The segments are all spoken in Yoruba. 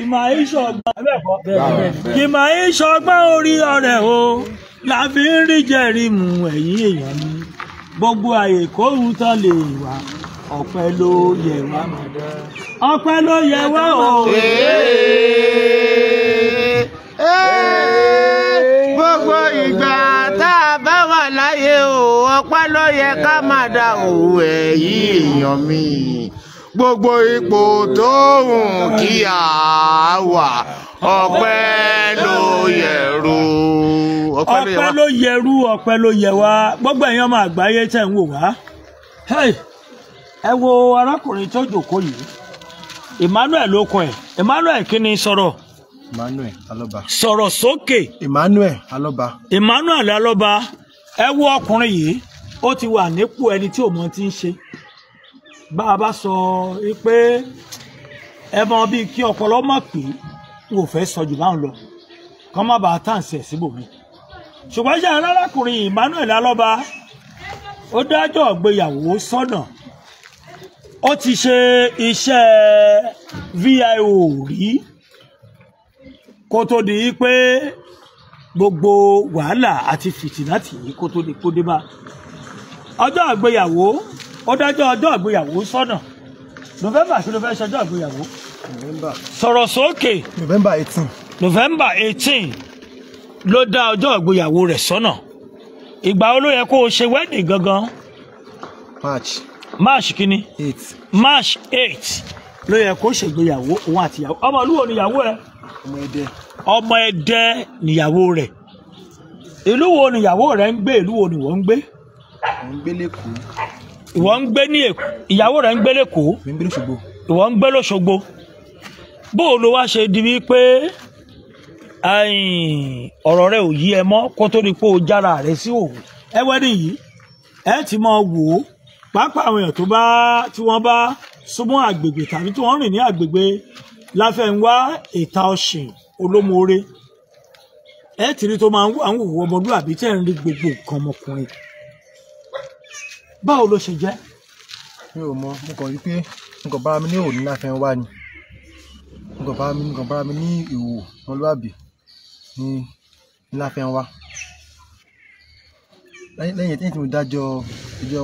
ìmọ̀ ìṣọgbọ́n orí ọ̀rẹ́ o la fi ń rí jẹ̀rìmù ẹ̀yìn èèyàn ni gbogbo àyè kóhun tán lè wà ọpẹ́ ló yẹ wá ọpẹ́ ló yẹ wá o. gbogbo ìgbà tá a bá wà láyé o ọpẹ́ ló yẹ ká máa da òun ẹ̀yìn èèyàn mi gbogbo ipò tó wù kí a wà ọpẹ́ ló yẹ̀rù. ọpẹ́ ló yẹ̀rù ọpẹ́ ló yẹ wá gbogbo ẹ̀yin ọmọ àgbáyé tẹ̀ ń wò wá. ẹ wo arákùnrin tó jòkóó yìí Emmanuel ló kọ ẹ Emmanuel kí ni sọ̀rọ̀. Emmanuel Alọba. sọ̀rọ̀ sókè. Emmanuel Alọba. Emmanuel Alọba ẹ wo ọkùnrin yìí ó ti wà nípò ẹni tí òun ti ń ṣe bá a bá sọ pé ẹ mọ bíi kí ọpọlọ mọ̀ pé wò fẹ́ sọ jù báwọn lọ kọ́ má bàa tàǹsì ẹ̀ síbòmí ṣùgbọ́n ṣe àná arákùnrin Emmanuel Alọ́ba ó dájọ́ ìgbéyàwó sọ́nà ó ti ṣe iṣẹ́ VIO rí kó tó di pé gbogbo wàhálà àti fìtìnà tì í kó tó di kó dé bá ọjọ́ ìgbéyàwó ó dájọ́ ọjọ́ ìgbéyàwó sọ́nà november sí ló fẹ́ ìgbéyàwó. november sọ̀rọ̀ sókè. eighteen. eighteen ló dá ọjọ́ ìgbéyàwó rẹ̀ sọ́nà ìgbà wo ló yẹ kó o ṣe wedding gangan. march. march kínní. eight. march yẹ kó ṣègbéyàwó òun àti ìyàwó ọmọ olúwo níyàwó rẹ. ọmọ ẹdẹ. ọmọ ẹdẹ níyàwó rẹ ìlú wo ìwọ ń gbé ní èkó ìyàwó rẹ ń gbé lẹ́kọ̀ọ́ ìwọ ń gbé lọ́ṣogbo bó o lo wá ṣe di wípé ọ̀rọ̀ rẹ ò yí ẹ mọ́ kó tó di pé o jára rẹ sí òwe ẹ wẹ́ni yìí ẹ ti mọ wò ó pàápàá àwọn èèyàn tó bá tí wọ́n bá súnmọ́ àgbègbè tàbí tí wọ́n rìn ní àgbègbè láfẹ̀ǹwá ìta ọ̀sìn olómoore ẹ ti tó máa ń wò ọmọdúnrún àbí tẹ̀ ń rí gbogbo nǹkan ọmọkùnrin báwo ló ṣe jẹ́. mi ò mọ mo kàn rí pé mo kàn mi ní òní láfẹ́ wá ni mo kàn bára mi mo kàn bára mi ní ìwò ọmọlúwàbí ní láfẹ́ wá lẹ́yìn tí mo dájọ́ ìjọ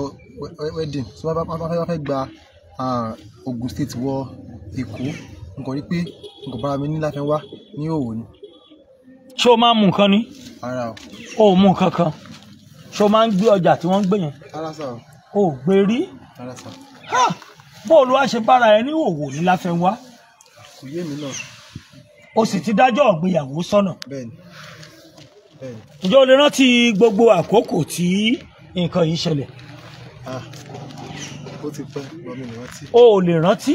wedding tí wọ́n bá fẹ́ gba Ògùn state wọ Èkó mo kàn rí pé mo kàn bára mi ní láfẹ́ wá ní òwò ni. ṣé o máa ń nǹkan ni. ara o. o ò mu nǹkan kan ṣo máa ń gbé ọjà tí wọ́n ń gbé yẹn o gbé rí bóòlù àṣebára ẹni òwò ní láfẹ́ wá o sì ti dájọ́ ọ̀gbéyàwó sọ́nà ǹjẹ́ o lè rántí gbogbo àkókò tí nǹkan yìí ṣẹlẹ̀ ah, ó ti pẹ́ lọ́mí ni rántí. o ò lè rántí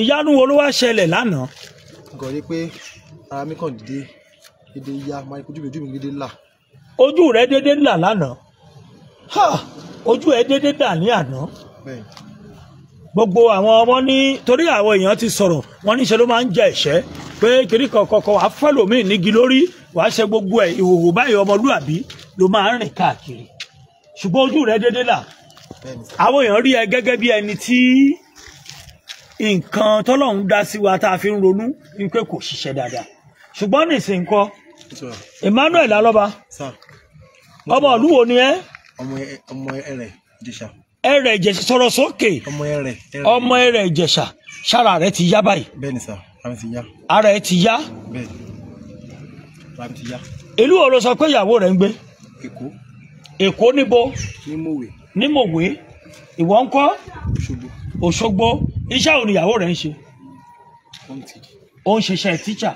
ìyanu wo ló wá ṣẹlẹ̀ lánàá. nǹkan rí pé ara mi kàn dìde dédé ya máa kojú mi ojú mi dédé là ojú rẹ dédé là lánàá ha ojú ẹ dédé dà ní àná gbogbo àwọn ọmọ ní torí àwọn èèyàn ti sọ̀rọ̀ wọ́n níṣẹ́ ló máa ń jẹ ẹ̀ṣẹ́ pé kiri kọ̀kọ̀kọ̀ wàá fẹ́lòmíì nígi lórí wàá ṣe gbogbo ẹ̀ ìhòòhò báyìí ọmọlúàbí ló máa ń rìn káàkiri ṣùgbọ́n ojú rẹ dédé là àwọn èèyàn rí ẹ gẹ́gẹ́ bí ẹni tí nǹkan tọ́lọ́run dá sí wa tá a fi ń ronú wípé kò ṣiṣẹ́ dáadáa ṣùgbọ́n nìsín kọ́ Emmanuel alọ́ba ọmọ ìlú wo ni ẹ. ọmọ ẹrẹ ìjẹ̀ṣà. ẹrẹ ìjẹ̀ṣà sọ̀rọ̀ sókè. ọmọ ẹrẹ ọmọ ẹrẹ ìjẹ̀ṣà ṣára rẹ ti yá báyìí. bẹ́ẹ̀ni sá ara ti yá. ara ẹ ti yá. bẹ́ẹ̀ni ara ti yá. ìlú wo ló sọ pé ìyàwó rẹ ń gbé. èkó. èkó níbo. ní mòwe. ní mòwe ìwọ ń kọ́. òṣogbo. òṣogbo iṣẹ́ òní ìyàwó rẹ ń ṣe. ó ń ṣiṣẹ́ tíṣà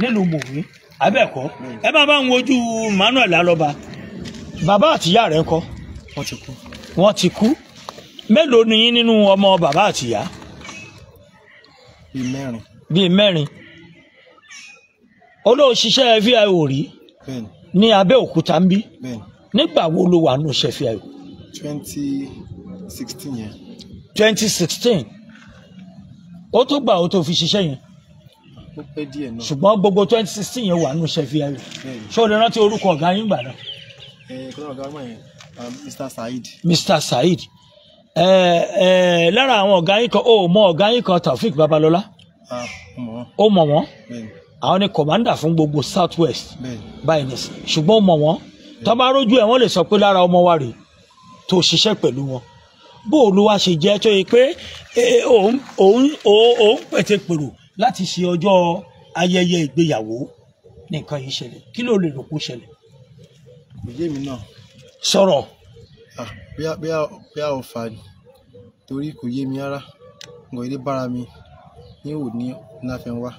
nílùú mòwe abẹ́ẹ̀kọ́ ẹ bá bá ń wojú Emmanuel alọ́ba bàbá àtìyá rẹ ńkọ́. wọ́n ti kú. wọ́n ti kú mélòó ni yín nínú ọmọ bàbá àtìyá. bíi mẹ́rin. bíi mẹ́rin olóòṣìṣẹ́ fíàwò rí ní abẹ́òkúta ń bí nígbà wo ló wà nù ṣe fíàwò. twenty sixteen yẹn. twenty sixteen ó tó gbà ó tó fi ṣiṣẹ́ yẹn ṣùgbọ́n gbogbo twenty sixteen yẹn wà nù ṣe fíàwò ṣé o lè rántí orúkọ ọ̀gá yín gbà náà. Mr. Said, Mr. Saheed ẹ ẹ lára àwọn ọ̀gá yín kan ó mọ ọ̀gá yín kan Taofik Babalọlá ó ah, mọ̀ wọ́n àwọn ni kọ̀mándà fún gbogbo South West báyìí nìsín ṣùgbọ́n ó mọ̀ wọ́n tó bá rójú ẹ̀ wọ́n lè sọ pé lára ọmọ wa rèé tó ṣiṣẹ́ pẹ̀lú wọn bó o ló wá ṣe jẹ́ tó yẹ pé e, e, òun pètè pèrò láti ṣe ọjọ́ ayẹyẹ ìgbéyàwó nìkan yìí ṣẹlẹ̀ kí ló lè rò kó ṣẹlẹ̀ kò yé mi náà. sọ̀rọ̀. bí a ò fà ní torí kò yé mi rárá ngọ̀ ilé bára mi ní òní láfẹnwá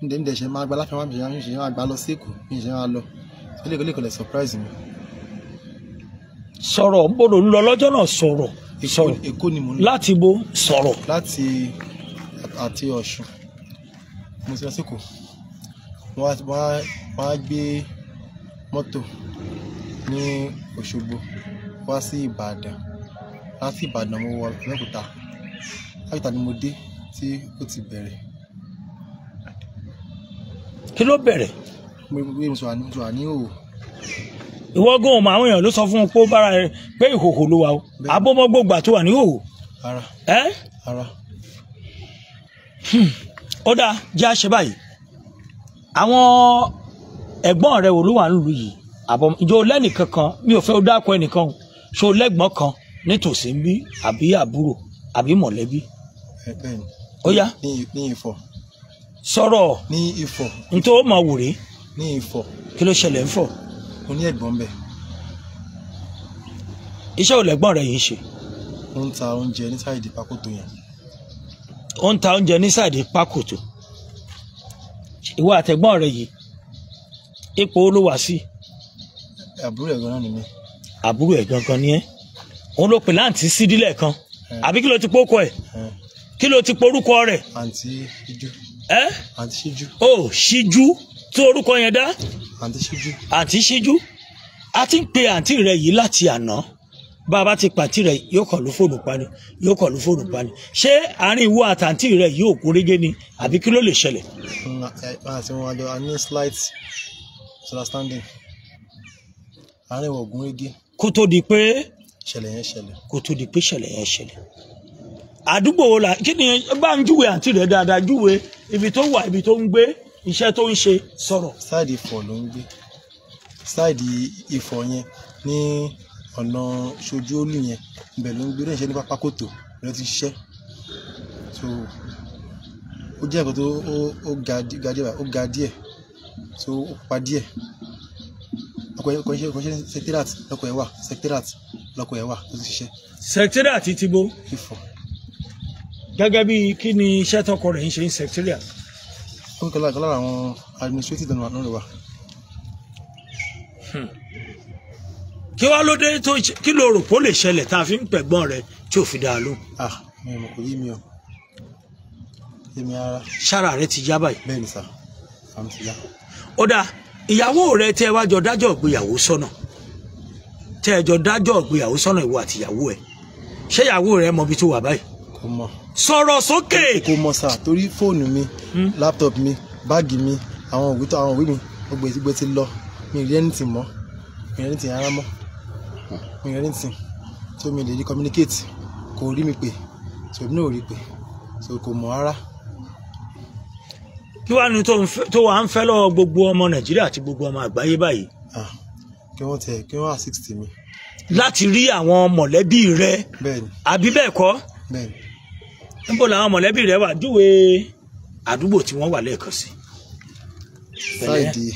nídẹ̀ nídẹ̀ ṣe máa gba láfẹnwá mi ṣe máa gba lọ sí èkó mi ṣe máa lọ sílẹ̀ kò lè surprise mi. sọ̀rọ̀ ń bọ̀dọ̀ ń lọ lọ́jọ́ náà sọ̀rọ̀ èkó ni mo ní. láti bo sọ̀rọ̀. láti àti ọ̀ṣun mo ti lọ sí èkó wọ́n á gbé mọ́tò ní Òṣogbo wá sí Ìbàdàn láti Ìbàdàn mo wọ Abẹ́òkúta Abẹ́òkúta ni mo dé tí ó ti bẹ̀rẹ̀. kí ló bẹ̀rẹ̀. mo gbé mo sọ̀rọ̀ ní mo sọ̀rọ̀ ní òwò. ìwọ gan ọmọ àwọn èèyàn ló sọ fún un pé ó bára rẹ pé ìhòhò ló wà o abọ́mọ́gbọ́gbà tó wà ní òwò. ara ara. Hmm. ó dáa jẹ́ àṣẹ báyìí àwọn ẹ̀gbọ́n rẹ wò ló wà nílùú yìí àbọ̀ ìjọ lẹ́nìkan kan mi ò fẹ́ dákọ ẹnìkan o ṣo lẹ́gbọ́n kan nítòsí ń bí àbí àbúrò àbí mọ̀lẹ́bí. ó yá. ní Ifọ̀. sọ̀rọ̀. ní Ifọ̀. nítorí ó máa wòrè. ní Ifọ̀. kí ló ṣẹlẹ̀ ń fọ̀. mo ní ẹ̀gbọ́n bẹ̀. iṣẹ́ ò lẹ́gbọ́n rẹ̀ yìí ṣe. ó ń ta oúnjẹ ní sáìdì pákòtò yẹn. ó ń ta oúnjẹ ní sáìdì pákòtò. ìwọ àtẹ̀gbọ́n rẹ̀ yìí ipò olówàsí. Si àbúrò ẹ̀ gan-an ni mi. àbúrò ẹ̀ gangan ni ẹ́ òun ló pè láǹtí sídílẹ̀ kan àbí kí ló ti pókọ ẹ̀ kí ló ti porúkọ rẹ̀. àǹtí ṣíjú. ẹ́ àǹtí ṣíjú. o ṣíjú tó orúkọ yẹn dá. àǹtí ṣíjú. àǹtí ṣíjú a ti ń pe àǹtí rẹ yìí láti àná bá a bá ti pàǹtí rẹ yóò kọ̀ ló fóònù pani yóò kọ̀ ló fóònù pani ṣé àárín ìwọ àtàǹtí rẹ yóò kú régé ni àbí kí ló lè ṣẹlẹ̀. àti wọn àjọ a ní slight misunderstanding àárín Ògúnrégé. kó tó di pé. ṣẹlẹ̀ yẹn ṣẹlẹ̀. kó tó di pé ṣẹlẹ̀ yẹn ṣẹlẹ̀. àdúgbò wo la kí ni bá ń júwe àǹtí rẹ̀ dáadáa júwe ibi tó wà ibi tó ń gbé iṣẹ́ tó ń ṣe sọ̀rọ̀. sáàdì ifọ̀ ló ń gbé sáàdì ifọ̀ yẹn ní ọ̀nà ṣojú olú yẹn ibẹ̀ ló ń gbé ló ń ṣe ní pápákọ̀tò ló ti ṣiṣẹ́ so ó jẹ́ ẹ̀kọ́ tó ó ga díẹ̀ so ó pa díẹ̀ kọ̀ṣẹ́ secretariat lọ́kọ̀ ẹ̀ wà secretariat lọ́kọ̀ ẹ̀ wà tó ti ṣiṣẹ́. secretariat ti bo gẹ́gẹ́ bí kí ni iṣẹ́ tọkọ rẹ̀ ń ṣe ní secretariat. ó kọ́ lára àwọn administrative dọ̀nà náà rẹ̀ wà. Hmm. kí wàá ló dé tó kí lo rò pé lè ṣẹlẹ̀ tá a fi ń pẹ̀gbọ́n rẹ̀ tí ò fi dáa ló. ah mi ò mọ̀ kò yí mi o èmi ara. sára rẹ ti já báyìí. bẹ́ẹ̀ni sá àmì ti já. ó dáa ìyàwó rẹ tẹ wá jọ dájọ́ ìgbéyàwó sọ́nà tẹ jọ dájọ́ ìgbéyàwó sọ́nà ìwọ àti ìyàwó ẹ ṣé ìyàwó rẹ mọbi tó wà báyìí. kò mọ̀ sọ̀rọ̀ sókè. kò mọ̀ sà torí fóònù mi hmm? láptọ̀pù mi báàgì mi àwọn òwe tó àwọn òwe mi gbogbo ìgbé ti lọ mi rí ẹni tì mọ́ mi rí ẹni tì rárá mọ́ mi rí ẹni tì tó mi lè rí communicate kò rí mi pè tòmí náà ò rí pè tò kò mọ̀ rárá kí wàá ní tó wàá ń fẹ́ lọ́wọ́ gbogbo ọmọ nàìjíríà àti gbogbo ọmọ àgbáyé báyìí. Ah, kí wọ́n tẹ kí wọ́n assist mi. láti rí àwọn mọ̀lẹ́bí rẹ àbí bẹ́ẹ̀ kọ́ níbo làwọn mọ̀lẹ́bí rẹ wà júwe àdúgbò tí wọ́n wà lẹ́ẹ̀kan sí. sáìdì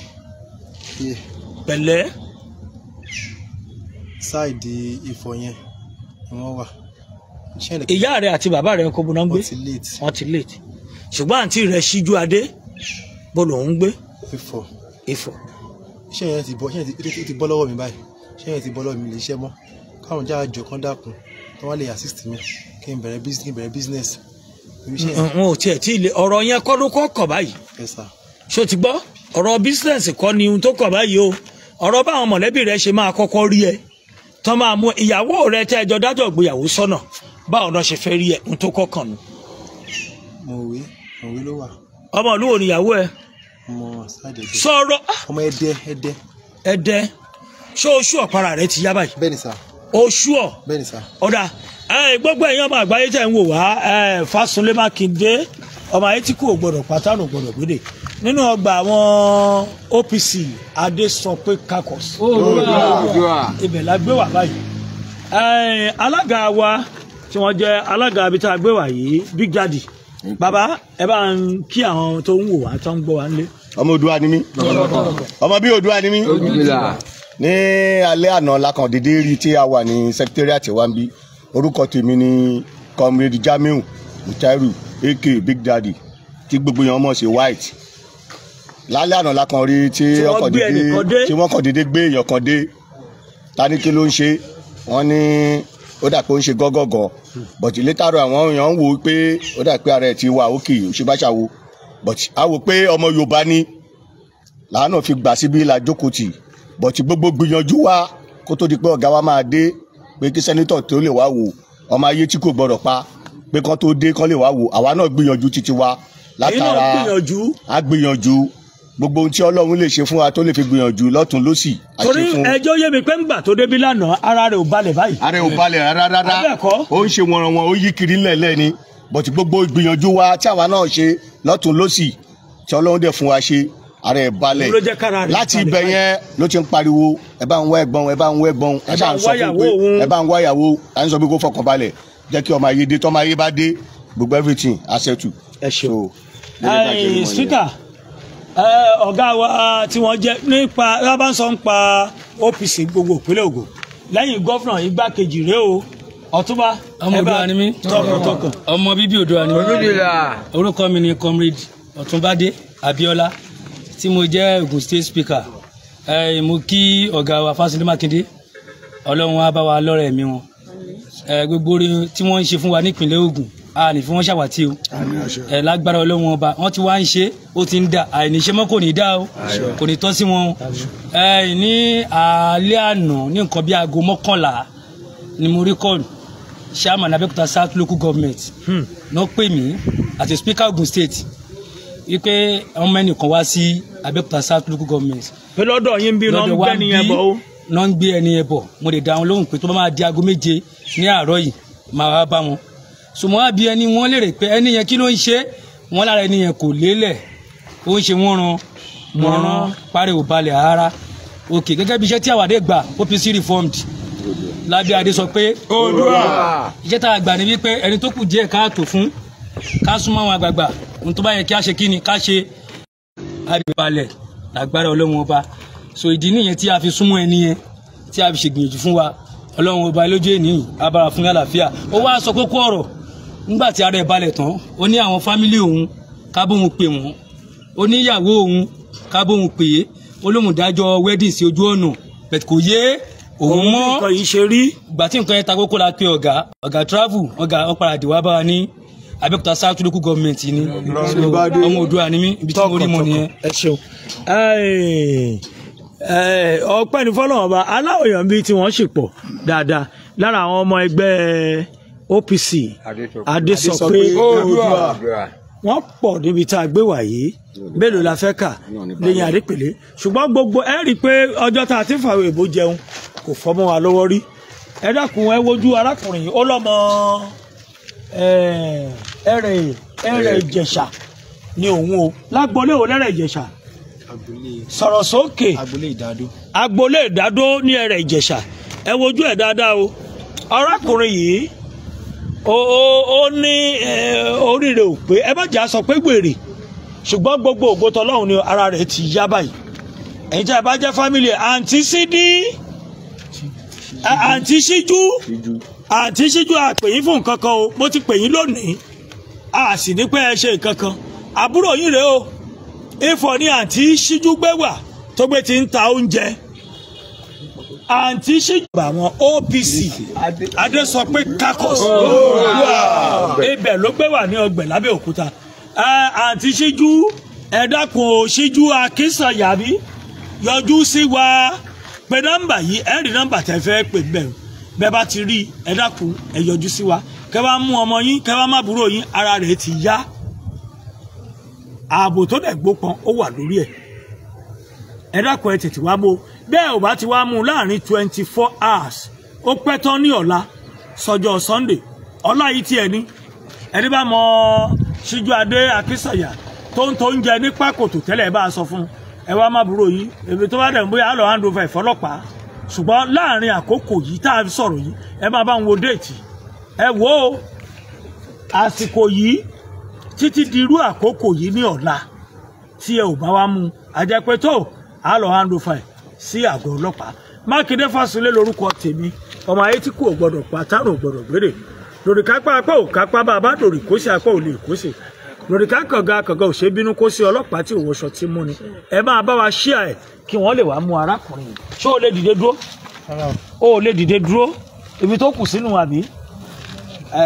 pẹ̀lẹ́. sáìdì ifọ̀ yẹn ni wọ́n wà. ìyá rẹ àti bàbá rẹ ń kó buná gbé wọ́n ti late ṣùgbọ́n àǹtí rẹ̀ ṣíjú adé bó lòún gbé. Ifọ̀ Ifọ̀. ṣé yẹn ti bọ́ ṣé yẹn ti bọ́ lọ́wọ́ mi báyìí ṣé yẹn ti bọ́ lọ́wọ́ mi lè ṣẹ́ mọ́ káwọn já àjọ kan dákun kí wọ́n lè assist mi kí n bẹ̀rẹ̀ business. n ò tiẹ̀ tí ilé ọ̀rọ̀ yẹn kọ́ ló kọ́ kọ̀ báyìí. ṣó ti gbọ́ ọ̀rọ̀ business kọ́ ni ohun tó kọ̀ báyìí o ọ̀rọ̀ báwọn mọ̀lẹ́bí rẹ ṣe máa kọ́kọ́ rí ẹ tán máa mú ìyàwó rẹ tẹ́ dájọ́ ìgbéyàwó sọ́nà báwọn náà ṣe fẹ́ rí ẹ ohun tó kọ́ kàn nù mọ̀wé mọ̀wé ló wà. ọmọ ìlú wo nìyàwó ẹ. ọmọ sàdédé. sọ̀rọ̀. ọmọ ẹdẹ ẹdẹ. ẹdẹ ṣé oṣù ọ̀para rẹ ti yá báyìí. bẹ́ẹ̀ni sà. oṣù ọ̀. bẹ́ẹ̀ni sà. ọ̀dà gbogbo ẹ̀yin ọmọ àgbáyé tẹ̀ ń wò wá Fásunlé Mákindé ọmọ ayé tí kò gbọdọ̀ pátánù gbọdọ̀ gbédè nínú ọgbà àwọn OPC Adésọpé kakọs ibẹ̀ la gbé wà báyìí alága wa tí wọ́n jẹ́ alága abita gbé wà yìí Big Daddy Baba, ẹ bá ń kí àwọn tó ń wò wá tó ń gbọ́ wá nílé. ọmọ Oòduà ni mí ọmọ bí Oòduà ni mí ní alẹ́ àná lakan rí tí a wà ní secretariat wa ń bí orúkọ tèmi ni comrade Jamiu Mutairu aka Big Daddy tí gbogbo yẹn mọ̀ sí white lálẹ́ àná lakan rí tí ọkọ̀ dédé tí wọ́n kàn dédé gbé èèyàn kan dé ta ní kí ló ń ṣe wọ́n ní. Ni ó dà pé ó ń ṣe gọ́gọ́gọ́ but létàrọ àwọn èèyàn ń wo pé ó dà pé ara ẹ̀ ti wà òkè òṣèbáṣàwo but a wò pé ọmọ Yorùbá ni làánà fi gbà síbi la jókòó tì but gbogbo gbìyànjú wa kó tó di pé ọ̀gá wa máa dé pé kí sẹ́nitọ̀ tó lè wá wò ọmọ ayé tí kò gbọdọ̀ pa pé kán tó dé kán lè wá wò àwa náà gbìyànjú títí wa látara a gbogbo ohun tí ọlọ́run lè ṣe fún wa tó lè fi gbìyànjú lọ́tún lọ́sì. torí ẹjọ́ yé mi pé ńgbà tó débi lánàá ara rẹ̀ ò balẹ̀ báyìí. ara rẹ̀ ò balẹ̀ rárá rárá ó ń ṣe wọ̀nranwọ̀n ó yí kiri lẹ́lẹ́ ni bọ̀tí gbogbo ìgbìyànjú wa tí àwa náà ṣe lọ́tún lọ́sì tí ọlọ́run dẹ̀ fún wa ṣe ara ẹ̀ balẹ̀ láti ibẹ̀ yẹn ló ti ń pariwo ẹ bá ń wá ẹ̀gbọ́n ẹ bá ń wá ẹ̀gbọ́n ẹ bá ń sọ fún pé ẹ bá ń wá ìyàwó à ń sọ pé kó fọkàn balẹ̀ jẹ́ kí ọmọ ayé dé tọ́mọ ayé bá dé gbogbo everything á ṣẹ́tù. ẹ ṣeun speaker ọ̀gá wa tí wọ́n jẹ́ nípa rábánsọ̀ ń pa OPC gbogbo ìpínlẹ̀ Ògùn lẹ́yìn gọ́fúnà igbákejì rèé o ọ̀túnba ọmọ Oòduà ni mí tọkàntọkàn ọmọ bíbí Oòduà ni mí orúkọ mi ni comrade Ọ̀túnbádé Abíọ́lá tí mo jẹ́ Ògùn state speaker mo kí ọ̀gá wa Fásilé Mákindé Ọlọ́run á bá wa lọ́rẹ̀ mi wọn gbogbo tí wọ́n ń ṣe fún wa nípínlẹ̀ Ògùn a ní fi wọ́n ṣàwátì o ẹ̀ lágbára ọlọ́run ọba wọ́n ti wá ń ṣe ó ti ń dà àìníṣẹ́ mọ́ kò ní dá o kò ní tọ́ sí wọn ẹ ní alẹ́ àná ní nǹkan bí aago mọ́kànlá ni mo rí kọ́ọ̀lù chairman Abẹ́òkúta south local government hmm. ló pè mí àti speaker Ogun state wípé ọmọ ẹnìkan wá sí Abẹ́òkúta south local government. pé lọ́dọ̀ yín bí náà ń gbé ẹni yẹn bọ̀ o. náà ń gbé ẹni yẹn bọ̀ mo lè dá wọn lóhùn pé tó bá máa di aago méje ní àárọ̀ yìí máa wá bá wọn sùmọ́ àbí ẹni wọ́n lè rè pé ẹni yẹn kí ló ń ṣe wọ́n lára ẹni yẹn kò lélẹ̀ ó ń ṣe wọ́n ran mọ̀ràn pariwo balẹ̀ ara òkè gẹ́gẹ́ bí iṣẹ́ tí àwàdé gbà OPC reformed lábẹ́ adé sọ pé Oòduà iṣẹ́ tá a gbà ní wípé ẹni tó kù díẹ̀ káàtó fún ká súnmọ́ àwọn àgbààgbà ohun tó bá yẹ kí a ṣe kí ni ká ṣe àbíbalẹ̀ lágbára ọlọ́run ọba so ìdí nìyẹn tí a fi súnmọ́ ẹni yẹn tí a fi ṣègbìyànjú fún wa ọlọ́run ọba lójú ènìyàn abára fún yàrá fíà ó wá sọ kókó ọ̀rọ̀ nígbà tí ara ẹ̀ balẹ̀ tán ó ní àwọn fámílì òun ká bóun pè wọ́n ó ní ìyàwó òun ká pè é ó lóun dájọ́ wedding sí ojú ọ̀nà bẹ̀t kò yé òun mọ́ nǹkan yìí ṣe rí. ìgbà tí nǹkan yẹn ta kókó la pe ọ̀gá ọ̀gá travel ọ̀gá ọ̀pára àdìwá bá wa ní abẹ́òkúta south local government ni ọmọ Oòduà ni mí ibi tí mo rí mọ nìyẹn. ẹ ṣeun ọpẹ́ ní fọlọ́wọ́n bá aláwòyàn bíi tí wọ́n sì pọ̀ dáadáa lára àwọn ọmọ ẹgbẹ́ OPC Adé sọ pé wọ́n pọ̀ níbi tá a gbé wà yìí mélòó la fẹ́ kà lẹ́yìn àdépèlé ṣùgbọ́n gbogbo ẹ rí i pé ọjọ́ tá a ti fàwọn èèbó jẹun kò fọmọ wa lọ́wọ́ rí ẹ dákun ẹ wojú arákùnrin yìí ó lọ́mọ ẹrẹ eh, ẹrẹ Ìjẹ̀ṣà ni òun o lágbọlé òun lẹrẹ Ìjẹ̀ṣà sọ̀rọ̀ sókè agbolé ìdádó ní ẹrẹ Ìjẹ̀ṣà ẹ wojú ẹ dáadáa o arákùnrin yìí ó ní oríire ò pé ẹ bá jà sọ pé wèrè ṣùgbọ́n gbogbo ògo tọlọ́run ni ara rẹ̀ ti yá báyìí ẹ̀yin tí a bá jẹ́ fámìlì àǹtí sídí àǹtí síjú àǹtí síjú àpèyín fún nǹkan kan o mo ti pèyín lónìí a sì ní pé ẹ ṣe nǹkan kan àbúrò yín rèé o ifọ̀ ni àǹtí síjú gbé tó gbé ti ń ta oúnjẹ àǹtí ṣèjọba àwọn OPC adésọpé kakos oh, ibẹ̀ ló gbé wà ní ọgbẹ̀ lábẹ́òkúta àǹtí ṣíjú ẹ dákun ṣíjú akínsànyàmí yọjú sí wa pé nọ́mbà yìí ẹ rí nọ́mbà tẹ́ fẹ́ pè bẹ́ẹ̀ bẹ́ẹ̀ bá ti rí ẹ dákun ẹ yọjú sí wa kẹ́ bá mú ọmọ yín kẹ́ bá má búrò yín ara rẹ̀ ti yá ààbò tó dẹ̀ gbópọn ó wà lórí ẹ dákun ẹ tètè wá bó bẹ́ẹ̀ ò bá ti wá mú láàrin twenty four hours ó pẹ́ tán ní ọ̀la sọjọ́ sunday ọ̀la yìí tiẹ̀ ní ẹni bá mọ adé akínsàyà tó ń tó ń jẹ ní pákòtò tẹ́lẹ̀ bá a sọ fún ẹ wá má burú yìí èmi tó bá dẹ̀ ń bóyá lọ́ọ́ hand over ìfọlọ́pàá ṣùgbọ́n láàrin àkókò yìí tá a sọ̀rọ̀ yìí ẹ máa bá ń wo déètì ẹ àsìkò yìí títí di irú sí àgọ́ ọlọ́pàá mákindé fásilé lórúkọ tèmi ọmọ ayé tí kò gbọdọ̀ pa tárò gbọdọ̀ gbére lórí kápá apá ò kápá bá a bá dòrì kó ṣe apá ò lè kó ṣe lórí kákànga kànga ò ṣe bínú kó ṣe ọlọ́pàá tí òwò ṣọ ti mú ni ẹ máa bá wa ṣíà ẹ kí wọ́n lè wá mú arákùnrin yìí ṣé o lè dìde dúró o lè dìde dúró ibi tó kù sínú àbí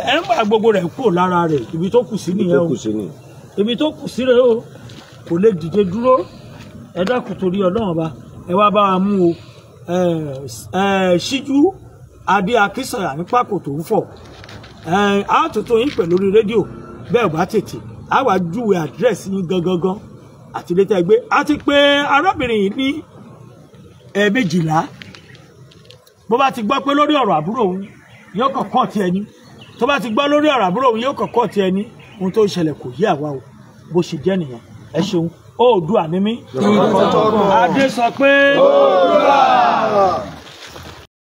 ẹ ń gbà gbogbo rẹ̀ kúrò lára rẹ̀ ibi tó kù sí nìyẹn o ibi tó kù sí rẹ̀ o kò lè dìde dúró ẹ dákun torí Ọlọ́run ọba ẹ wá bá wa mú o ṣíjú adé akínsànyà ní pákó tó ń fọ̀ á tuntun yín pẹ̀ lórí rédíò bẹ́ẹ̀ ò bá tètè á wàá júwe àdírẹ́sì yín gangan àti ilé tẹ́ gbé àti pé arábìnrin yìí ní ẹ̀ẹ̀mejìlá bó bá ti gbọ́ pé lórí ọ̀rọ̀ àbúrò òun yóò kàn ti ẹni tó bá ti gbọ́ lórí ọ̀rọ̀ àbúrò òun yóò kàn ti ẹni ohun tó ń ṣẹlẹ̀ kò yé àwa o bó ṣe jẹ́ nìyẹn ẹ ṣeun Oòduà ni mí. Adé sọ pé. Oòduà.